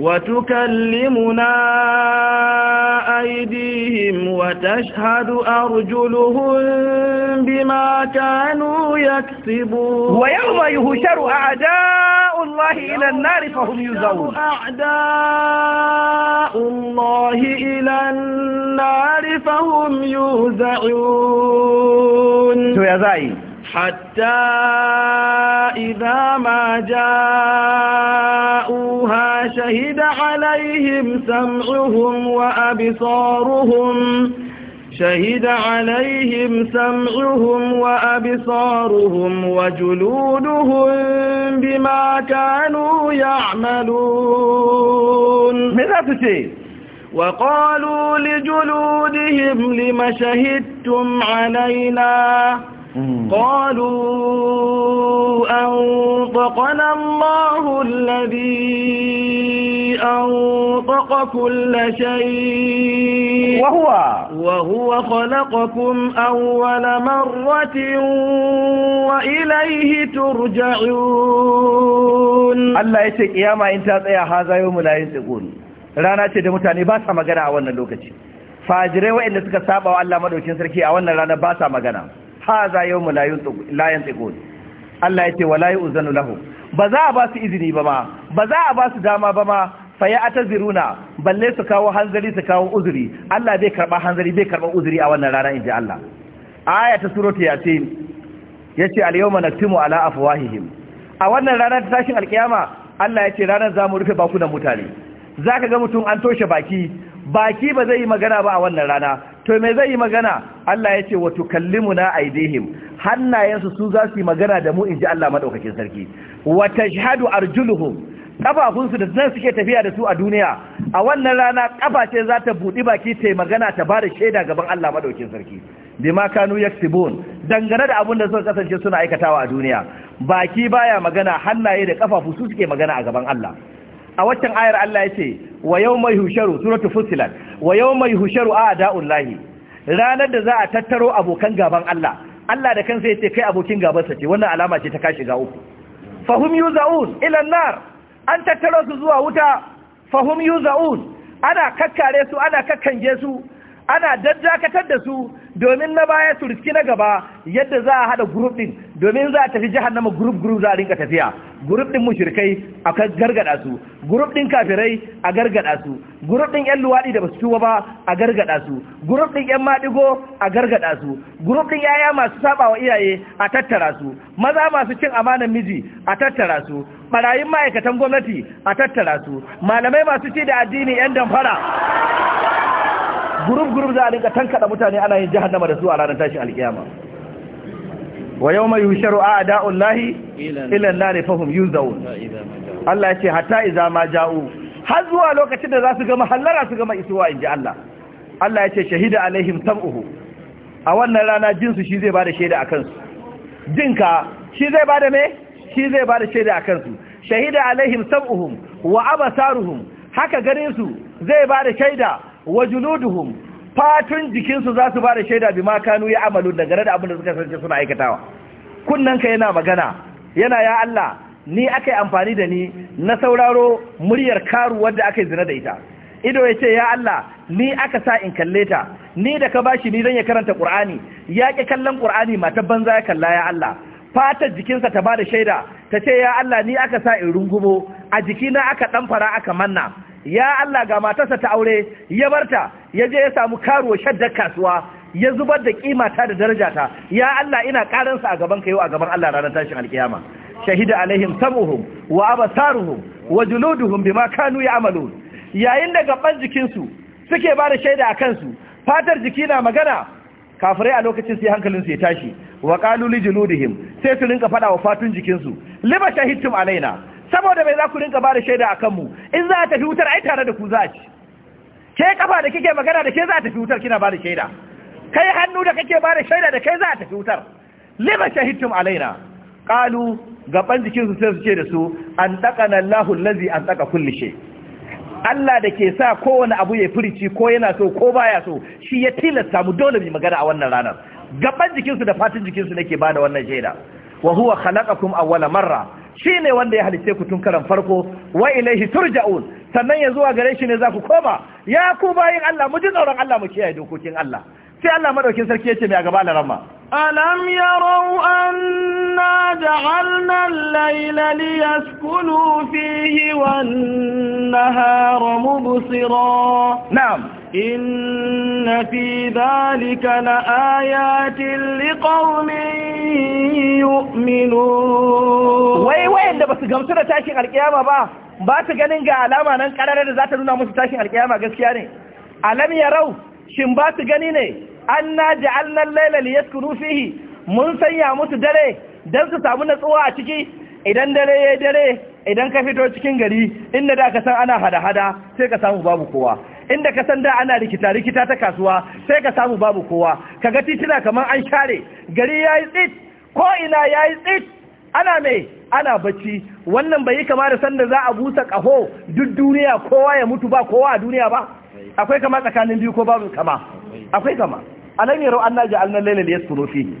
وتكلمنا أيديهم وتشهد أرجلهم بما كانوا يكسبون ويوم يهشر أعداء الله إلى النار فهم يزون أعداء الله إلى النار فهم يوزعون حتى إذا ما جاءوها شهد عليهم سمعهم وأبصارهم شهد عليهم سمعهم وأبصارهم وجلودهم بما كانوا يعملون وقالوا لجلودهم لم شهدتم علينا قالوا أنطقنا الله الذي أنطق كل شيء وهو وهو خلقكم أول مرة وإليه ترجعون
الله يتك إياما إنت أطيع هذا يوم لا ينتقون رانا ce da mutane ba sa magana a wannan lokaci fajirai waɗanda suka saba wa Allah madaukin sarki a wannan rana ba magana haza yawmu la yantiqun Allah yace wala yu'zanu lahu ba za a ba su izini ba ma ba za a ba su dama ba ma fa ya ataziruna balle su kawo hanzari su kawo uzuri Allah bai karba hanzari bai karba uzuri a wannan rana inji Allah aya ta suratu yasin yace al-yawma naktimu ala afwahihim a wannan rana ta tashin alkiyama Allah yace ranar zamu rufe baku bakunan mutane zaka ga mutum an toshe baki baki ba zai yi magana ba a wannan rana to me zai yi magana Allah ya ce kallimu na aidihim hannayensu su za su yi magana da mu in ji Allah maɗaukakin sarki Wata tashhadu arjuluhum kafafunsu da zan suke tafiya da su a duniya a wannan rana kafa ce za ta buɗi baki ta magana ta ba da shaida gaban Allah madaukakin sarki bima kanu yaktubun dangane da abin da suka kasance suna aikatawa a duniya baki baya magana hannaye da kafafu su suke magana a gaban Allah a waccan ayar Allah ya ce wa yau mai husharu suratu fusilat wa yau mai husharu a da'ullahi ranar da za a tattaro abokan gaban Allah Allah da kansa ya ce kai abokin gabansa ce wannan alama ce ta kashi ga uku fahum yuzaun ila nar an tattaro su zuwa wuta fahum yuzaun ana kakkare su ana kakkange su ana daddakatar da su domin na baya su riski na gaba yadda za a hada gurub din domin za a tafi jihar nama gurub gurub za a rinka tafiya Gurub din mushrikai a gargada su Gurub din kafirai a gargada su Gurub din yan luwadi da basu tuba ba a gargada su Gurub din yan madigo a gargada su Gurub din yaya masu saba iyaye a tattara su maza masu cin amanan miji a tattara su barayin ma'aikatan gwamnati a tattara su malamai masu ci da addini yan damfara gurub gurub za a rinka tankada mutane ana yin jahannama da su a ranar tashin alkiyama wa yawma yusharu a'da'ullahi ila an-nar yun yuzawun Allah ya ce hatta idza ma ja'u har zuwa lokacin da za su gama hallara su gama isuwa ji Allah Allah ya ce shahida alaihim sam'uhu a wannan rana jinsu shi zai bada shaida akan su jinka shi zai bada me shi zai bada shaida akan su shahida alaihim sam'uhum wa abasaruhum haka gare su zai bada shaida wa juluduhum fatun jikinsu za su ba da shaida bi makanu ya amalu dangane da abin da suka sarce suna aikatawa Kunnan ka yana magana yana ya Allah ni akai amfani da ni na sauraro muryar karu wanda aka zina da ita ido ya ce ya Allah ni aka sa in kalle ta ni da ka bashi ni zan ya karanta Qur'ani yaki kallon Qur'ani mata banza ya kalla ya Allah fatar jikinsa ta bada shaida tace ce ya Allah ni aka sa in rungumo a jikina aka ɗamfara aka manna ya Allah ga matarsa ta aure ya barta ya je ya samu karuwa shaddar kasuwa ya zubar da kimata da darajata ya Allah ina karansa a gaban kayo a gaban Allah ranar tashin alkiyama shahida alaihim sam'uhum wa absaruhum wa juluduhum bima kanu ya'malun yayin da gaban jikin su suke ba da shaida akan su fatar jiki na magana kafirai a lokacin sai hankalin su ya tashi wa qalu li juluduhum sai su rinka fada wa fatun jikin su liba shahidtum alaina saboda bai za ku rinka ba da shaida a kanmu in za a tafi wutar ai tare da ku za a ci ke kafa da kike magana da ke za a tafi wutar kina ba da shaida kai hannu da kake ba da shaida da kai za a tafi wutar lima shahidtum alaina qalu gaban jikin su sai su ce da su an taqana Allahu allazi an taqa kulli shay Allah da ke sa kowane abu ya furici ko yana so ko baya so shi ya tilasta mu dole mu magana a wannan ranar gaban jikinsu da fatin jikinsu su nake bada wannan shaida wa huwa khalaqakum awwala marra shi ne wanda ya halice ku tun karan farko wa ilaihi turja'un sannan ya zuwa gare shi ne za ku koma ya ku bayin Allah mu ji tsoron Allah mu kiyaye dokokin Allah sai Allah madaukin sarki yace mai a gaba larama
alam yarau anna ja'alna al-layla liyaskunu fihi wan-nahara mubsira na'am إن في ذلك لآيات لقوم يؤمنون وي وي إن بس قمت تاشي القيامة
با ba ta ganin ga alama nan karare da za ta nuna musu tashin alkiyama gaskiya ne alam yarau shin ba su gani ne anna ja'alna al-laila liyaskunu fihi mun sanya musu dare dan su samu natsuwa a ciki idan dare yayi dare idan ka fito cikin gari inda da ka san ana hada-hada sai ka samu babu kowa inda ka san da ana rikita rikita ta kasuwa sai ka samu babu kowa Ka kaga titina kamar an share gari ya yi tsit ko ina ya yi tsit ana mai ana bacci wannan bai yi kama da sanda za a busa kaho duk duniya kowa ya mutu ba kowa a duniya ba akwai kama tsakanin biyu ko babu kama akwai kama alam yaro an alnan ja'alna layla liyaskunu fihi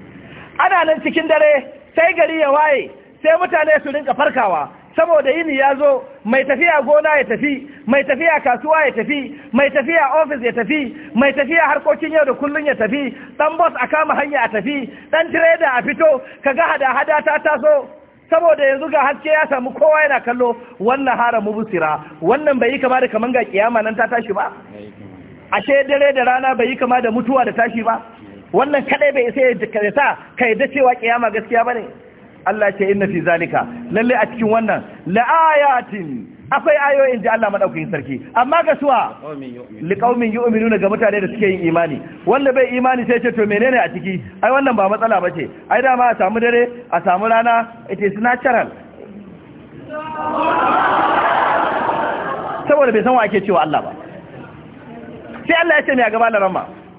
ana nan cikin dare sai gari ya waye sai mutane su rinka farkawa saboda yini ya zo mai tafiya gona ya tafi mai tafiya kasuwa ya tafi mai tafiya ofis ya tafi mai tafiya harkokin yau da kullum ya tafi dan bos a kama hanya a tafi dan tireda a fito ka kaga hada hada ta taso saboda yanzu ga haske ya samu kowa yana kallo wannan hara busira wannan bai yi kama da kaman ga kiyama nan ta tashi ba ashe dare da rana bai yi kama da mutuwa da tashi ba wannan kadai bai isa ya sa kai da cewa kiyama gaskiya bane Allah ce inna fi zalika lalle a cikin wannan la'ayatin akwai ayoyin da Allah madaukakin sarki amma ga suwa liqaumin yu'minuna ga mutane da suke yin imani wanda bai imani sai ce to menene a ciki ai wannan ba matsala bace ai dama a samu dare a samu rana it is natural saboda bai san wa ake cewa Allah ba sai Allah ya ce mai a gaba da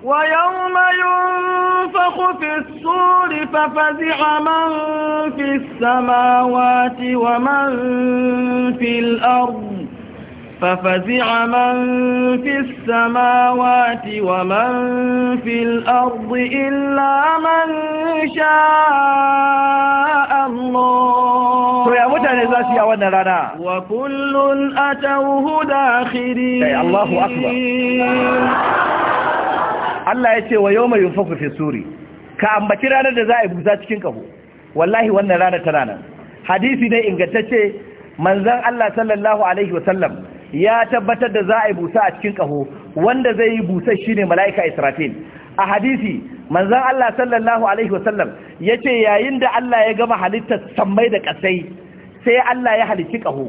ويوم ينفخ في السور ففزع من في السماوات ومن في الأرض ففزع من في السماوات ومن في الأرض إلا من شاء الله وكل أتوه داخرين الله أكبر
Allah ya ce wa yau mai yunfaku fi suri ka ambaci ranar da za a yi busa cikin kaho wallahi wannan ranar tana nan hadisi ne ingantacce manzan Allah sallallahu alaihi wasallam ya tabbatar da za a yi busa a cikin kaho wanda zai yi busa ne mala'ika Israfil a hadisi manzon Allah sallallahu alaihi wasallam yace yayin da Allah ya gama halittar sammai da kasai sai Allah ya halicci kaho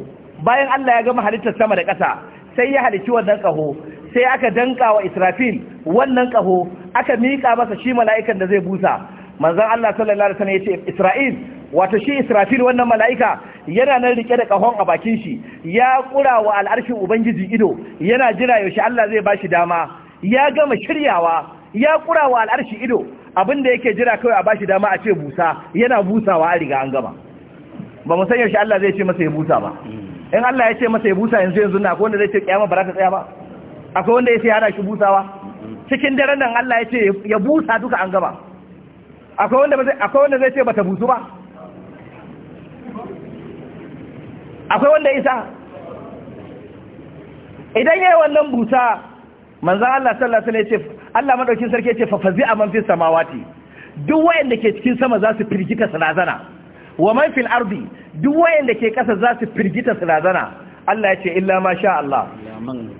bayan Allah ya gama halittar sama da ƙasa sai ya halicci wannan kaho sai aka danka wa Israfil wannan kaho aka miƙa masa shi mala'ikan da zai busa manzan Allah sallallahu alaihi ya ce Isra'il wato shi Israfil wannan mala'ika yana nan rike da kahon a bakin shi ya ƙura wa al'arshin ubangiji ido yana jira yaushe Allah zai ba shi dama ya gama shiryawa ya ƙura wa al'arshi ido abinda yake jira kawai a ba shi dama a ce busa yana busawa a riga an gama ba mu san yaushe Allah zai ce masa ya busa ba in Allah ya ce masa ya busa yanzu yanzu na akwai wanda zai ce kiyama ba za tsaya ba akwai wanda ya ce ana shi busawa cikin daren nan Allah ya ce ya busa duka an gaba akwai wanda zai ce bata busu ba akwai wanda isa idan yayi wannan busa manzon Allah sallallahu alaihi wasallam ya ce Allah madaukin sarki ya ce fa fazi aman fi samawati duk wayanda ke cikin sama za su firgita sanazana wa man fil ardi duk wayanda ke kasa za su firgita sanazana Allah ya ce illa ma sha Allah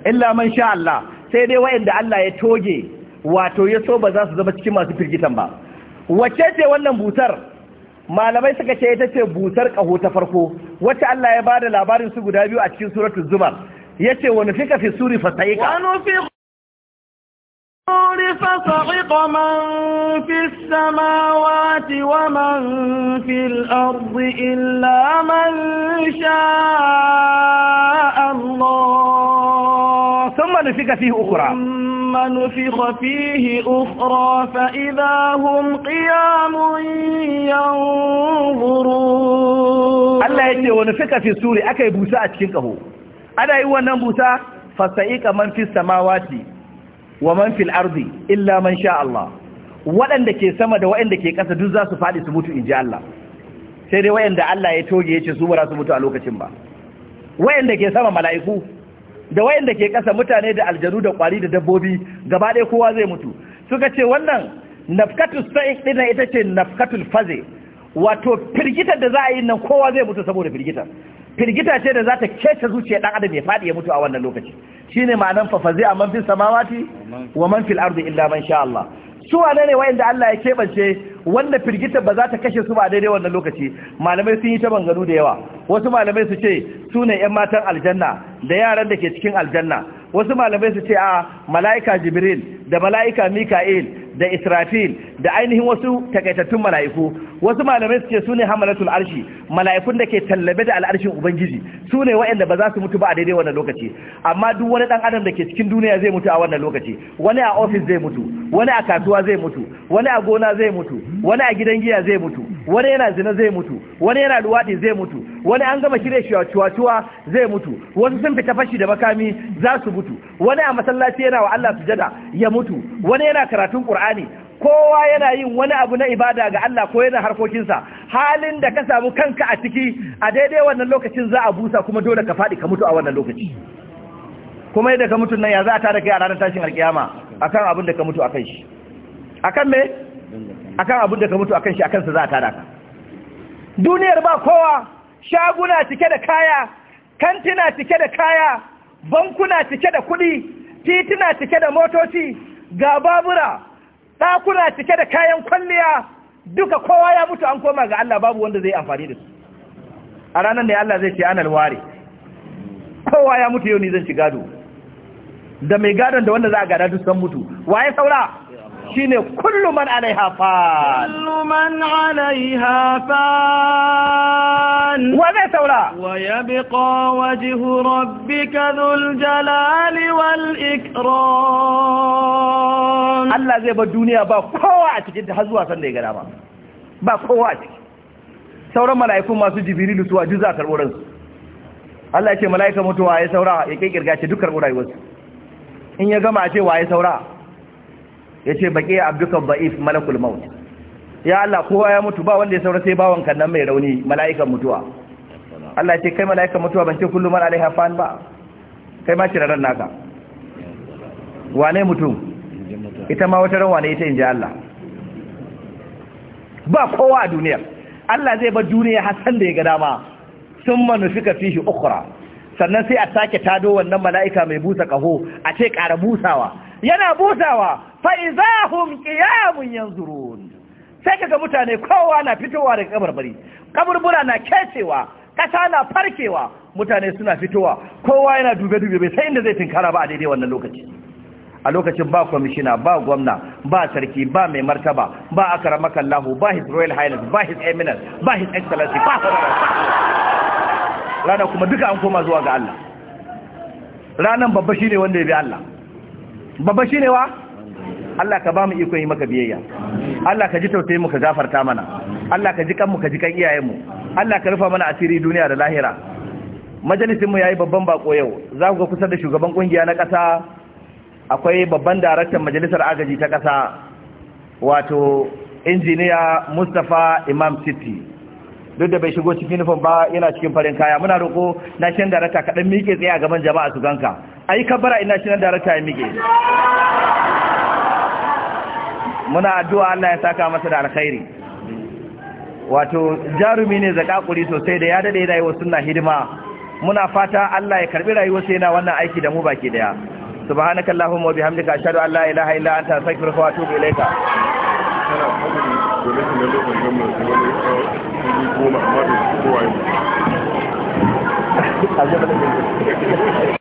illa man sha Allah sai dai wayanda Allah ya toge wato ya so ba za su zama cikin masu firgitan ba wace ce wannan butar malamai suka ce ita ce butar kaho ta farko wacce Allah ya bada labarin su guda biyu a cikin suratul zumar yace wani fika fi suri fasaika wa
nufika man من samawati wa man fil ardi illa man sha'a نفخ فيه أخرى ثم نفخ فيه أخرى فإذا هم قيام ينظرون الله يتي
ونفخ في السور أكي بوساء تشنكه أنا أيوة نبوساء فسائق من في السماوات ومن في الأرض إلا من شاء الله waɗanda ke sama da waɗanda ke ƙasa duk za su faɗi su mutu in ji Allah sai dai wayanda Allah ya toge ya ce su ba za su mutu a lokacin ba wayanda ke sama mala'iku da wayanda ke ƙasa mutane da aljanu da ƙwari da dabbobi gaba ɗaya kowa zai mutu suka ce wannan nafkatul sa'iq din ita ce nafkatul faze wato firgitar da za a yi nan kowa zai mutu saboda firgitar firgita ce da za ta kece zuciya dan adam ya fadi ya mutu a wannan lokaci shine ma'anan fa faze amman fil samawati wa man fil ardi illa man sha Allah su wane ne wayanda Allah ya keɓance wanda firgita ba za ta kashe su ba daidai wannan lokaci malamai sun yi ta banganu da yawa wasu malamai su ce su ne 'yan matan aljanna da yaran da ke cikin aljanna wasu malamai su ce a mala'ika jibril da mala'ika mika'il da israfil da ainihin wasu takaitattun mala'iku wasu malamai suke sune hamalatul arshi mala'ikun da ke tallabe da al'arshin ubangiji su ne waɗanda ba za su mutu ba a daidai wannan lokaci amma duk wani dan adam da ke cikin duniya zai mutu a wannan lokaci wani a ofis zai mutu wani a kasuwa zai mutu wani a gona zai mutu wani a gidan giya zai mutu wani yana zina zai mutu wani yana luwaɗi zai mutu wani an gama shirya cuwa zai mutu wasu sun fita fashi da makami za su mutu wani a masallaci yana wa Allah sujada ya mutu wani yana karatun ƙur'ani. kowa yana yin wani abu na ibada ga Allah ko yana harkokinsa halin da ka samu kanka a ciki a daidai wannan lokacin za a busa kuma dole ka faɗi ka mutu a wannan lokaci kuma yadda ka mutu nan ya za a tare kai a ranar tashin alkiyama akan abin da ka mutu akan shi akan me akan abin da ka mutu akan shi akan sa za a tara ka duniyar ba kowa shaguna cike da kaya kantina cike da kaya bankuna cike da kuɗi titina cike da motoci ga babura ɗakuna cike da kayan kwalliya duka kowa ya mutu an koma ga Allah babu wanda zai amfani da su a ranar da Allah zai ce an ware kowa ya mutu yau ni zan ci gado da mai gadon da wanda za a gada duk san
mutu waye saura shine kullu man alaiha fan kullu man alaiha fan wa zai saura wa yabqa wajhu rabbika dhul jalali wal ikram Allah zai ba duniya ba kowa a cikin ta har zuwa san da ya gada ba ba
kowa a ciki sauran mala'ikun masu jibrilu su a juza karɓo ransu Allah ce mala'ika mutuwa ya saura ya kai kirga ce duk karɓo rayuwarsu in ya gama ce waye saura Ya baƙi a abdukan ba'if malakul maut ya Allah kowa ya mutu ba wanda ya saura sai bawan kannan nan mai rauni mala'ikan mutuwa Allah ya ce kai mala'ikan mutuwa ban ce kullum man alaiha fan ba kai ma shi naka wane mutum ita ma wata ran wane ita inji Allah ba kowa a duniya Allah zai bar duniya hasan da ya ga dama sun manufika shi ukura, sannan sai a sake tado wannan mala'ika mai busa kaho a ce ƙara busawa yana busawa fa idahum qiyamun yanzurun sai kaga mutane kowa na fitowa daga kabarbari kaburbura na kecewa kasa na farkewa mutane suna fitowa kowa yana dube dube sai inda zai tinkara ba a daidai wannan lokaci a lokacin ba kwamishina ba gwamna ba sarki ba mai martaba ba akaramakan Kallahu, ba his royal highness ba his eminence ba his excellency ba rana kuma duka an koma zuwa ga Allah ranan babba shine wanda ya bi Allah babba shine wa Allah ka ba mu iko yi maka biyayya Allah ka ji tausayi mu ka gafarta mana Allah ka ji kan ka ji kan iyayen mu Allah ka rufa mana asiri duniya da lahira majalisin mu yayi babban bako yau za ku ga kusa da shugaban kungiya na kasa akwai babban daraktan majalisar agaji ta kasa wato injiniya Mustapha Imam City duk da bai shigo cikin uniform ba yana cikin farin kaya muna roko national director kaɗan miƙe tsaye ga gaban jama'a su ganka ayi kabbara shi national director ya mike
muna addu'a
Allah ya saka masa da alkhairi wato jarumi ne zakakuri sosai da ya dade rayuwa suna hidima muna fata Allah ya karɓi rayuwa sai yana wannan aiki da mu baki daya subhanakallahumma wa bihamdika ashhadu an la ilaha illa anta astaghfiruka wa
atubu